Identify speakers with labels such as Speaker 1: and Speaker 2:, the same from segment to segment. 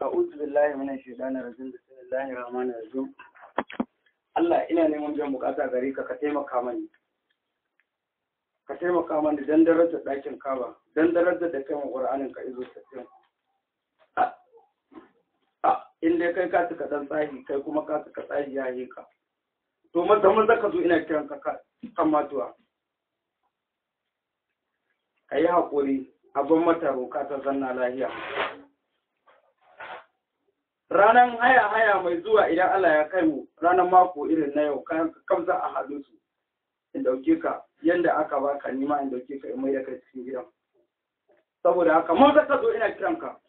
Speaker 1: أعوذ بالله من الشيطان الرجيم بسم الله الرحمن الرحيم Allah ina neman biyan bukata gare ka ka taimaka mani ka taimaka mani dan darajar ɗakin kaba dan da kai mu Qur'anin ka izo sassin a in dai kai ka tuka tsahi kai kuma ka tuka tsahi ya yi ka to ka zo ina kiran ka kan ka yi haƙuri abin mata roka ta lahiya Ranan haya haya mai zuwa idan Allah ya kai mu ranan mako irin na yau kan kamsa a hadu su in dauke ka yanda aka baka nima in dauke ka in mai da kai cikin gidan saboda haka mun ka zo ina kiran ka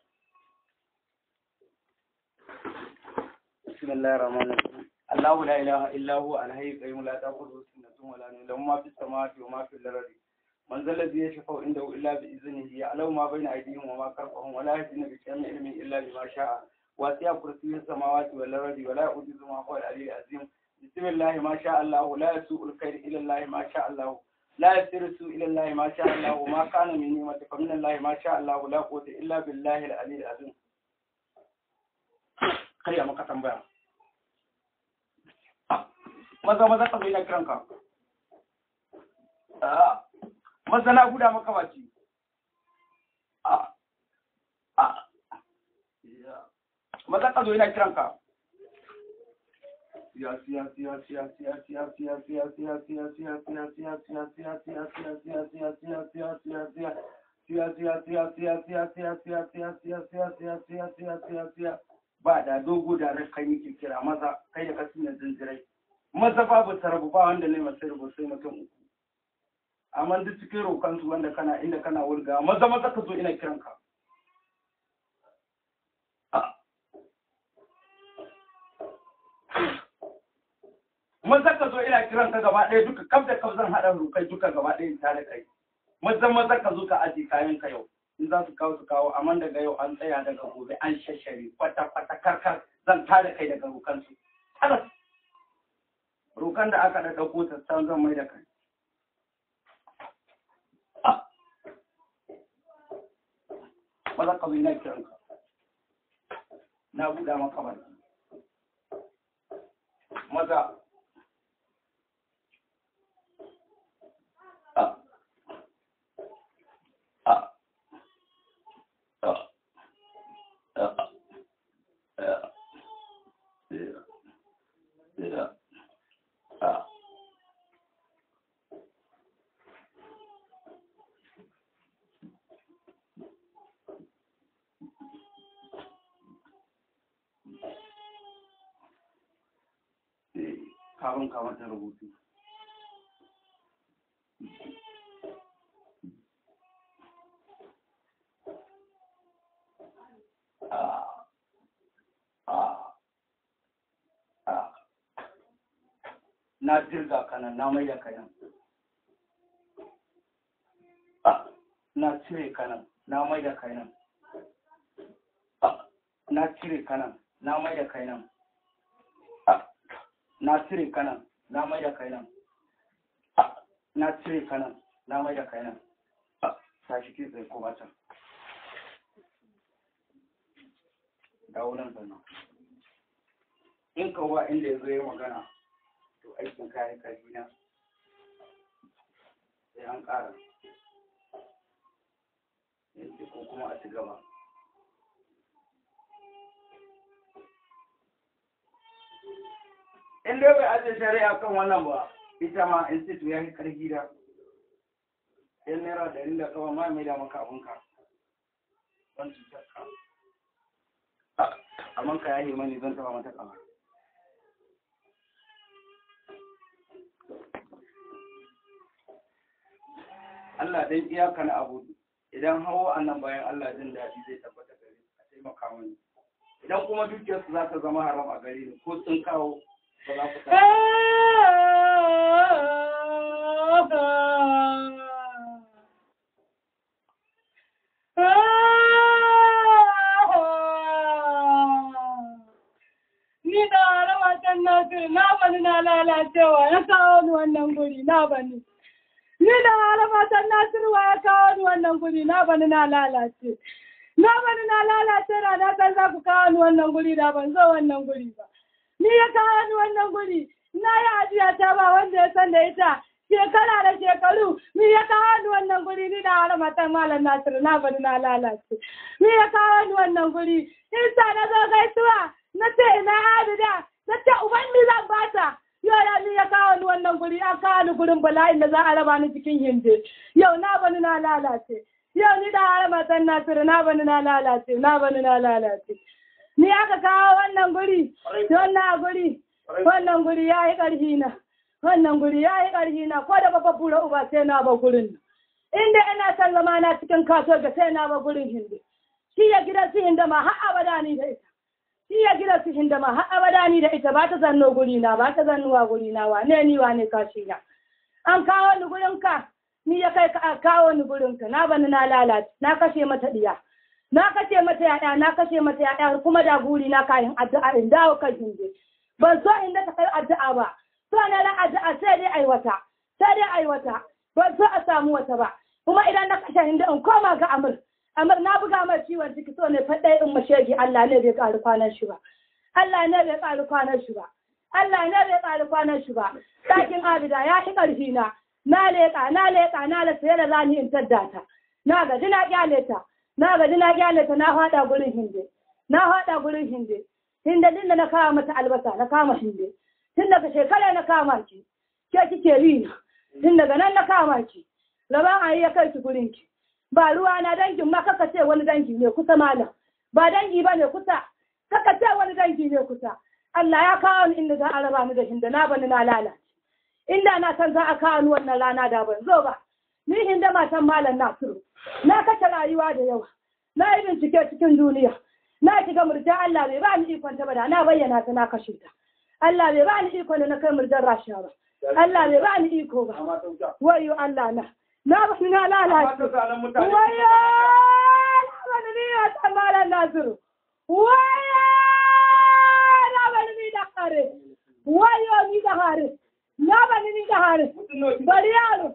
Speaker 1: bismillahir rahmanir rahim Allahu la ilaha illa huwa al-hayy qayyum la ta'khudhuhu sinatun wa la nawm lahu ma fis samawati wa ma fil ardi man zal ladhi yashfa'u indahu illa bi idhnihi ya'lamu ma bayna aydihim wa ma khalfahum wa la yahdina bi shay'in min ilmi illa ma sha'a واسيا كرسي السماوات والارض ولا يؤوده ما هو العلي العظيم بسم الله ما شاء الله لا يسوء الخير الى الله ما شاء الله لا يسر السوء الى الله ما شاء الله وما كان من نعمه فمن الله ما شاء الله لا قوه الا بالله العلي العظيم ما maka بها maza maza ka zai kanka maza na guda maka baci mazan ka zo yana Siya! Siya! ba da dogo da kan yi kira maza kai da kasin da zinzirai maza babu tarabu ba wanda ne masu rubu sai mutum uku amma duk cikin rokansu wanda kana inda kana wurga maza maza ka zo ina kiranka kuma zaka zo ina kiran ka gaba ɗaya duka kaf da kaf zan haɗa rukai duka gaba ɗaya tare kai mazan maza ka zo ka aji kayan ka yau in za su kawo su kawo amma daga yau an tsaya daga gobe an shashare kwata kwata karkar zan tare kai daga rukan su rukan da aka da dauko ta san zan mai da kai maza ka zo ina kiran ka na buɗa maka ba maza kafin ka mata rubutu na jirga kanan na mai da na cire kanan na mai da na cire kanan na mai da na cire kanan na mai da kai nan ah, na cire kanan na mai da kai nan ah, sashi ke tsaye kuma can dawo nan sannan in kawo inda ya zo ya magana to aikin kayan karfi na sai an ƙara yanzu ko kuma a ci gaba in dai bai ajiye shari'a kan wannan ba ita ma institute ya yi karfi da yan naira ɗari da kawai ma mai da maka abinka don cutar ka ah, amma ka yaye mani zan taba mata kama Allah dai iyaka na abu idan hawa annan bayan Allah jin daɗi zai tabbata gari a taimaka mani idan kuma dukiyarsu za ta zama haram a gare ni ko sun kawo Ni da
Speaker 2: rawa na lalacewa ya kawo ni wannan guri na bani. Ni da harama san Nasirwa ya kawo ni wannan guri na bani na lalace. Na bani na lalace na san za ku kawo ni wannan guri da ban zo wannan guri ba. Ni ya kawo ni wannan guri, na yi ajiya ta ba wanda ya san da ita. Shekara da shekaru, ni ya kawo ni wannan guri, ni da har matan Malam Nasiru, na bari na lalace. Ni ya kawo ni wannan guri, sa na zo gaisuwa, na ce ina adida, na ce uban mi zan bata. yara ni ya kawo ni wannan guri a kawo ni gurin bala'in da za a raba ni cikin hindi yau na bani na lalace yau ni da har san nasiru na bani na lalace na bani na lalace ni aka kawo wannan guri wannan guri wannan guri ya yi ƙarfi na wannan guri ya yi ƙarfi na ko da babba bura uba sai na ba gurin inda ina son zama na cikin kaso da sai na ba gurin hindu shi ya gidan su hindu ma har abada ni da ita shi ya gidan su hindu ma har abada ni da ita ba ta zanno guri na ba ta zannuwa guri na wane ni wane kashi na an kawo ni gurin ka ni ya kai ka kawo ni gurin ka na bani na lalata, na kashe mata diya na kashe mata yaɗa na kashe mata yaɗa kuma da guri na kayan addu'a in dawo kan inje ban so in da kai addu'a ba so na na addu'a sai dai aiwata sai dai aiwata wata ban so a samu wata ba kuma idan na kashe Hindu in koma ga Amur, Amur na buga mai ciwon ciki so ne faɗai in mashegi Allah ne bai ƙari kwanan shi ba Allah ne bai ƙari kwanan shi ba Allah ne bai ƙari kwanan shi ba ɗakin abida ya fi ƙarfi na na leƙa na leƙa na lasa yadda za ni in taddata na gaji na ƙyale ta na gaji na gyale ta na faɗa gurin hinde na faɗa gurin hinde hinde din da na kawo mata albasa na kama hinde tun daga shekara na kama ki ke kike ri tun daga nan na kama ki laban ayi ya kai ki gurin ki ba ruwa na dangin ma kaka ce wani dangi ne kusa malam ba dangi ba ne kusa kaka ce wani dangi ne kusa Allah ya kawo ni inda za a raba ni da hinde na bani na lalace inda na san za a kawo ni wannan rana da ban zo ba ni hinda matan malam nasiru na kace rayuwa da yawa na yi bincike cikin duniya na shiga murjan Allah bai ba ni ikon ta bada, na bayyana ta na kashe ta Allah bai ba ni ikon na kai murjan rasha ba Allah bai ba ni iko ba wayo Allah na na ba ni na lalace wayo na ba ni ya ta malam nasiru wayo na ba ni da kare wayo ni da kare na ba ni da kare bari yaro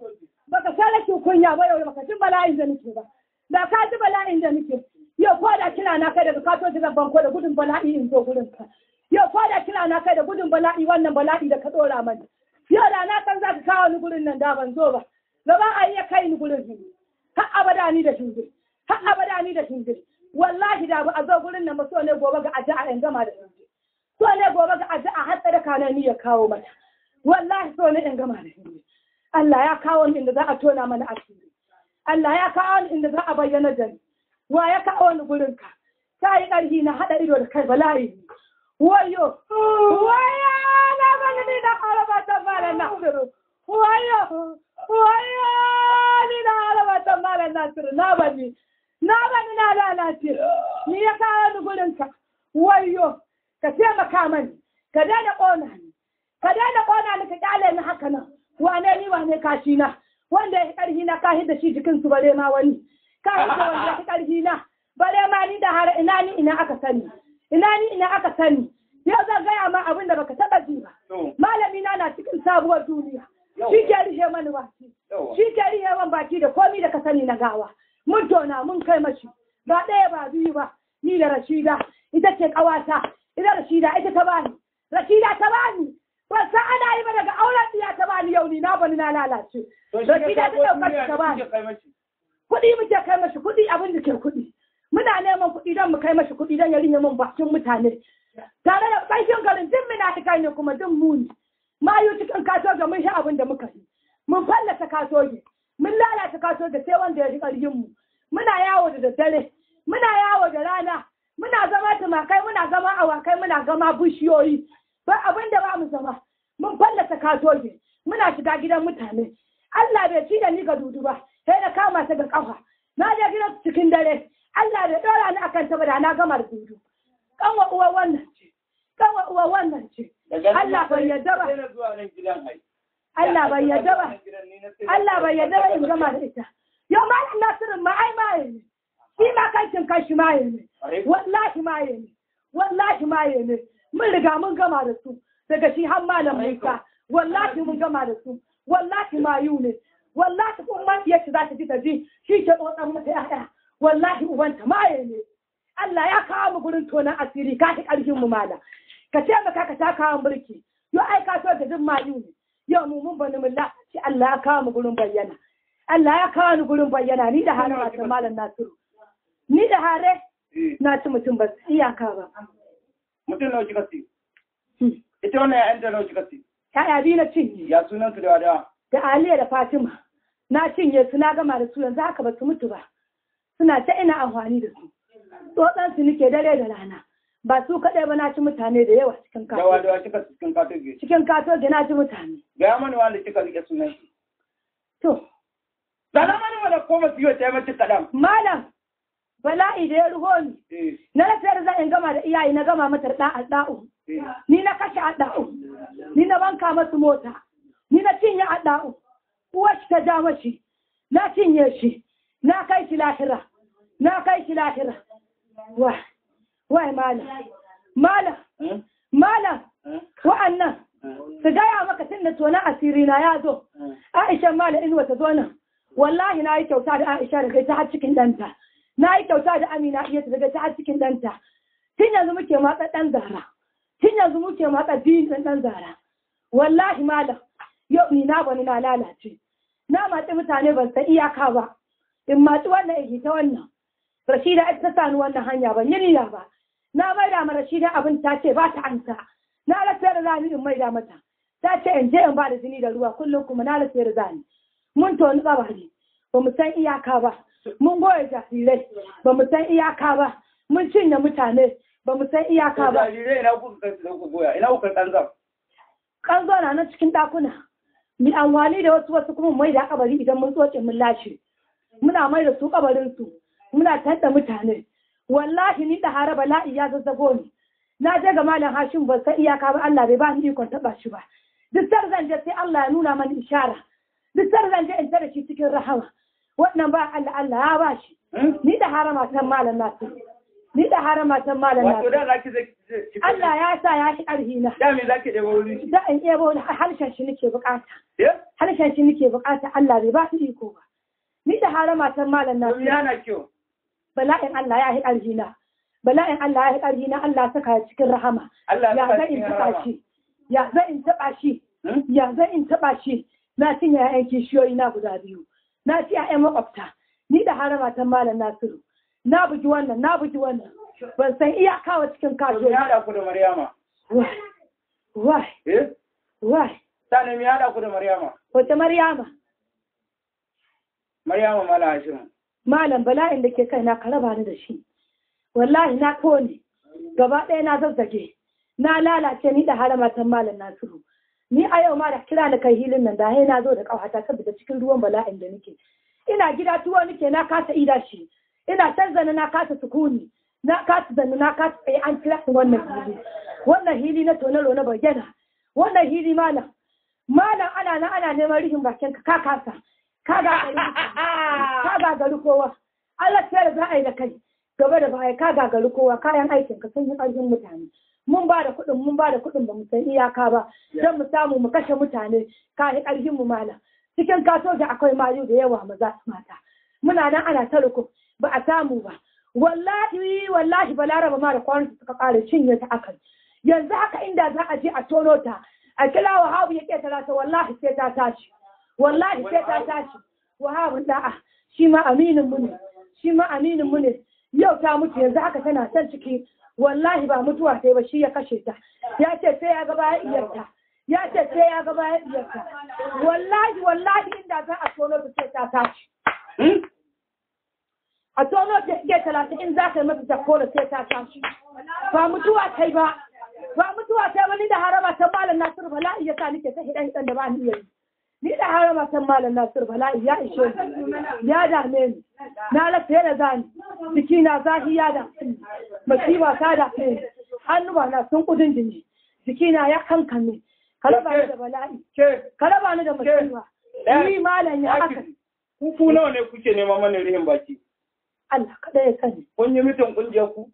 Speaker 2: baka sale ki kunya ba yau baka ji bala'in da nake ba da ka ji bala'in da nake yau ko da na kai daga kato jiran ko da gudun bala'i in zo gurin ka yau ko da na kai da gudun bala'i wannan bala'i da ka tsora mani yau da na san za ka kawo ni gurin nan da ban zo ba gaba a iya kai ni gurin hindu har abada ni da shingiri har abada ni da shingiri wallahi da ba a zo gurin nan ba so ne gobe ga addu'a in gama da shingiri so ne gobe ga addu'a har tsada kana ni ya kawo mata wallahi so ne in gama da shingiri Allah ya kawo ni inda za a tona mana asiri Allah ya kawo ni inda za a bayyana da ni wa ya kawo ni gurin ka ta yi ƙarfi na haɗa ido da kai bala'i wayo waya na bani ni da haraba ta mara na suru wayo wayo ni da haraba ta mara na suru na bani na bani na lalace ni ya kawo ni gurin ka wayo ka taimaka mani ka daina ƙona ni ka daina ƙona ni ka ƙyale ni haka nan wane ni wane kashi na wanda ya karhi na kashi da shi jikin su bare ma wani
Speaker 1: kashi da wanda ya
Speaker 2: karhi na bare ma ni da har ina ni ina aka sani ina ni ina aka sani yau zan gaya ma abin da baka taba ji ba malami na na cikin sabuwar duniya
Speaker 1: shi ke rihe mani baki shi
Speaker 2: ke rihe man baki da komi da ka sani na gawa mun tona mun kai mashi ba ɗaya ba biyu ba ni da rashida ita ce ƙawata ita rashida ita ta bani rashida ta bani ban ana yi ba daga auren diya ta bani yau ni na bani na lalace da gida ta daukar ta bani kuɗi muke kai mashi kuɗi abin da ke kuɗi muna neman kuɗi don mu kai mashi kuɗi don ya rinye mun bakin mutane tare da ƙarshen garin din muna ta kai ne kuma din muni mayu cikin ga mun sha abin da muka yi mun fallasa ne mun lalata da sai wanda ya ji yin mu muna yawo da daddare muna yawo da rana muna zama tumakai muna zama awakai muna zama bishiyoyi ba abin da ba mu zama mun fallasa katoji muna shiga gidan mutane Allah bai ci da ni ga dudu ba sai da kama ta ga kafa na je gidan cikin dare Allah bai dora ni akan ta ba da na gama dudu kanwa uwa wannan ce kanwa uwa wannan ce Allah bai yarda ba Allah bai yarda ba Allah bai yarda ba in gama da ita yau malam nasirin ma ai ma ne shi ma kancin shi ma ne wallahi ma ne wallahi ma ne mun riga mun gama da su daga shi har malam Musa wallahi mun gama da su wallahi mayu ne wallahi kun ma fiye za ta ji ta ji shi ke tsotsan mata ya'ya wallahi ta maye ne Allah ya kawo mu gurin tonan asiri ka ta karfin mu mala ka ce maka ka ta kawo mulki yo ai ka so ta jin mayu ne yau mu mun bani mulla shi Allah ya kawo mu gurin bayyana Allah ya kawo ni gurin bayyana ni da hare a malam Nasiru ni da hare na ci mutum ba iyaka ba mutum nawa kika siyo hmm. ita wannan ya'yanta nawa kika siyo ya'ya biyu na cinye ya sunan su da wadawa da aliya da fatima na cinye su na gama da su yanzu haka ba su mutu ba suna ta ina amfani da su tsotsan su nike dare da rana ba su kaɗai ba na ci mutane da yawa
Speaker 1: cikin kato. Yawa da yawa cika cikin kato ge.
Speaker 2: Cikin kato ge na ci mutane. Ga
Speaker 1: mani wanda kika
Speaker 2: rike sunan shi. To. Zana mani wanda ko ba su yi wa taimaki kaɗan. Malam. bala'i da ya ruho ni eh. na rasa yarda in gama da iyaye na gama mata da ɗau eh. ni na kashe a ɗa'u, ni na banka masu mota ni na cinye adda'u uwar shi ta ja mashi na cinye shi na kai shi lahira na kai shi lahira wa wai malam malam eh? malam wa'annan su gaya maka tun da tona asiri na ya zo aisha malam in wata zo nan wallahi na yi kyauta da aisha da kai ta har cikin ɗanta na yi kyauta da amina iya ta daga ta cikin ɗanta tun yanzu muke matsa ɗan zara tun yanzu muke matsa biyu na ɗan zara wallahi malam yau ni na bani na lalace na matsi mutane ban san iyaka ba in matsi wannan in ta wannan rashida ita ta sani wannan hanya ban yi niyya ba na maida ma rashida abin ta ce ba ta anta na rasa da zani in maida mata ta ce in je in ba da jini da ruwa kullum kuma na rasa da zani mun toni tsabari ba mu san iyaka ba mun goya jarirai ba mu san iyaka ba mun cinye mutane ba mu san iyaka ba
Speaker 1: jarirai ina kuka goya ina kuka
Speaker 2: na nan cikin dakuna mi amfani da wasu wasu kuma mai da kabari idan mun tsoce mun lashe muna mai da su kabarin su muna tadda mutane wallahi ni da haraba la iya zazzago ni na je ga malam Hashim ba san iyaka ba Allah bai ba ni ikon taba shi ba duk zan je sai Allah ya nuna mani ishara duk zan je in tare shi cikin rahama wannan ba Allah Allah ya ba shi hmm? ni da harama san malam nasu ni da harama san malam nasu Allah ya sa ya shi ƙarfi na da me zaki ɗebo wuri da in ɗebo wuri harshen shi nake bukata harshen shi nake bukata Allah bai ba shi iko ba ni da harama san malam nasu na kyau bala'in Allah ya shi ƙarfi na bala'in Allah ya shi ƙarfi na Allah saka cikin rahama ya zai in taɓa shi hmm? ya zai in taɓa shi ya zai in taɓa shi na cinye 'ya'yan kishiyoyi na guda biyu na ci 'ya'yan makwabta ni da harama ta malam nasiru na bugi wannan na bugi wannan ban san iyaka wa cikin kaso ya da ku da maryama wai eh wai sanin ya da ku da maryama wace maryama maryama malam hashim malam bala'in da ke kai na ka raba ni da shi wallahi na kone gaba ɗaya na zazzage na lalace ni da haramatan malam nasiru ni a yau ma da kira na kai hilin nan da na zo da kawata saboda cikin ruwan bala'in da nake ina gida tuwo nake na kasa ida shi ina zana na kasa sukuni na kasa zana na kasa tsaye eh, an kira wannan hili wannan hili na tonalo na bayyana wannan hili mana, malam ana na ana neman rihin bakin ka kasa ka gagaru kowa Allah ce da za a yi da kai gaba da baya ka gagaru kowa kayan aikin ka sun yi ƙarfin mutane mun ba da kuɗin mun ba da kuɗin ba mu san iyaka ba don mu samu mu kashe mutane kayi ƙarfin mu mala cikin kaso da akwai mayu da yawa maza su mata muna nan ana ta ruku ba a samu ba wallahi wallahi balaraba ma da suka ƙara cinye ta akan yanzu haka inda za a je a tono ta a kila wahabu ya ƙeta ta wallahi sai ta tashi wallahi sai ta tashi wahabu da'a shi ma aminin mu ne shi ma aminin mu ne yau ta mutu yanzu haka tana son ciki wallahi ba mutuwa sai ba shi ya kashe ta ya ce sai ya ga bayan iyarta ya ce sai ya ga bayan iyarta wallahi wallahi inda za a tono ta sai ta tashi hmm? a tono ta ke talatin in za ka yi mata ta kora sai ta tashi ba mutuwa kai ba ba mutuwa kai ba ni da haraba ta malam nasiru bala'i ya sa nake ta hidan hidan da ba ni yayi ni da harama san malam Nasir bala'i ya ishe ni ya dame ni na rasa da zani jiki na zahi ya da masifa ta da ne hannuwa na sun kudin jini jikina ya kankame ka raba ni da bala'i ka raba ni da masifa ni malam ya haka ku nawa
Speaker 1: ne kuke nema mana rihin baki
Speaker 2: Allah kada ya sani kun yi mutum kungiyar ku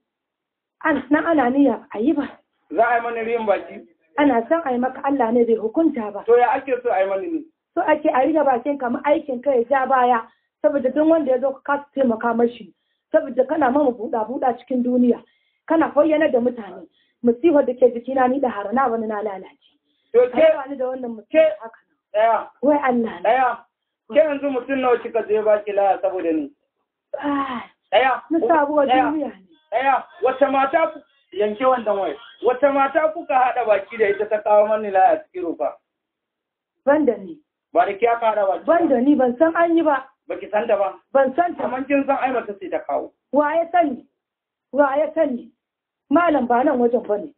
Speaker 2: an nan ana niyya a yi ba
Speaker 1: za a yi mana rihin baki
Speaker 2: ana san a yi maka Allah ne bai hukunta ba to ya ake so a yi mana ne so ake a riga bakin kamar aikin kai ja baya saboda duk wanda ya zo ka kasa taimaka mashi saboda kana ma mu buɗa buɗa cikin duniya kana bayyana da mutane musibar da ke jikina ni da harana wani na lalace kai
Speaker 1: ni da wannan mutum haka wai Allah daya ke yanzu mutum nawa kika je ba ki laya saboda ni daya
Speaker 2: na sabuwar duniya ne
Speaker 1: daya wata mata yanke wannan wai wata mata kuka haɗa baki da ita ta kawo mani laya cikin rufa ban da ni ba da ki aka haɗa baki
Speaker 2: ban da ni ban san an yi ba
Speaker 1: Baki san ba? Ban san ta. Amma kin san ai sai ta kawo.
Speaker 2: Wa ya sani? Wa ya sani? Malam ba nan wajen bane.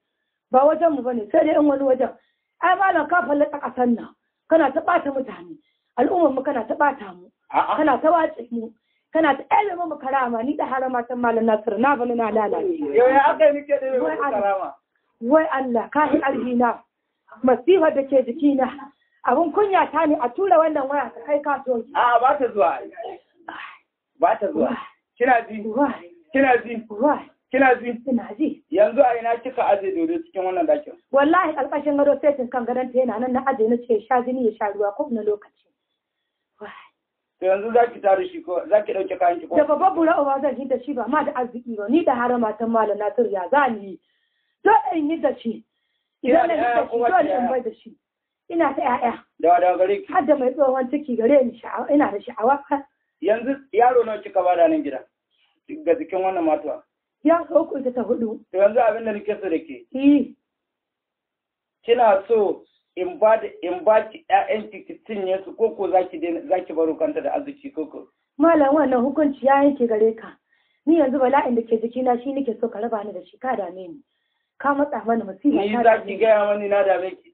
Speaker 2: Ba wajen mu bane sai dai in wani wajen. Ai malam ka ta kasan nan. Kana ta bata mutane. Al'ummar mu kana ta bata mu. Kana ta watsi mu. Kana ta ilimin mu karama ni da harama ta malam Nasir na bani na lalace. Yau ya aka yi nike da karama. Wai Allah ka yi arzina. masifa da ke jikina. abun kunya ta ne a tura wannan waya ta kai kasuwanci a ba ta zuwa ba ta zuwa kina ji kina ji kina ji Kina ji yanzu a ina kika aje dodo cikin wannan dakin wallahi alƙashin gado sai kan gadon ta yana nan na aje na ce sha jini ya sha ruwa ko na lokaci
Speaker 1: to yanzu za ki taru shi ko za ki ɗauke kayan ki ko da babbar
Speaker 2: bura uba zan yi da shi ba ma da arziki ba ni da harama ta malam na turya za ni yi dole in yi da shi idan na yi da shi dole in bai da shi ina ta ƴaƴa
Speaker 1: da da gare
Speaker 2: ki har da mai tsohon ciki gare ni sha'awa ina da sha'awa
Speaker 1: yanzu yaro nawa kika bada nan gida ga jikin wannan matuwa
Speaker 2: ya so ku ta
Speaker 1: hudu to yanzu abin da nake so da ke kina so in ba da in ba ki ƴaƴan ki ki cinye su ko ko zaki daina zaki baro kanta da azuci ko ko
Speaker 2: malam wannan hukunci ya yanke gare ka ni yanzu bala'in da ke jikina shi nake so ka raba ni da shi ka dame ni ka matsa mana musiba ni
Speaker 1: zaki gaya mani na dame ki